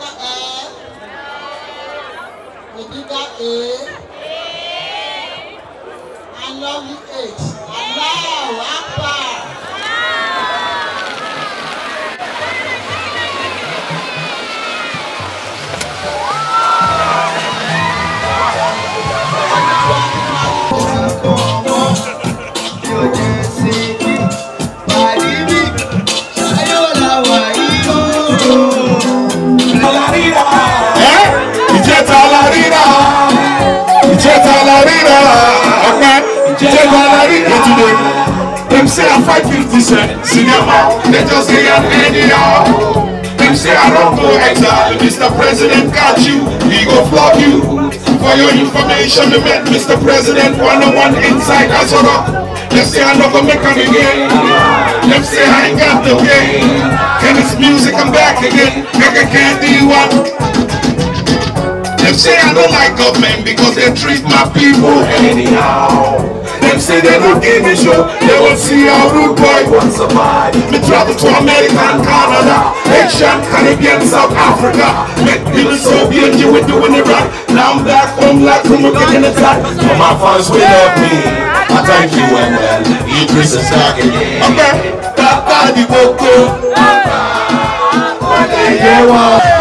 Odinga A. Odinga A. I love you H. I love Akbar. say I fight 50 cent Cinema, they just say I'm anyhow Them say I don't go exile Mr. President got you, He go flog you For your information, we met Mr. President one inside that. Them say I never make it again Them say I ain't got no game And it's music, I'm back again Make can't do Them say I don't like government Because they treat my people anyhow Them say they don't give me show see how rude boy once a body. Me travel to America and Canada, Asian, Caribbean, South Africa. met people so beautiful, you with doing it right. Now I'm back home like when we're getting attacked. For my fans, we love me. I thank you and well. Idris is talking. Okay. Papa di Boko. Papa. What they want.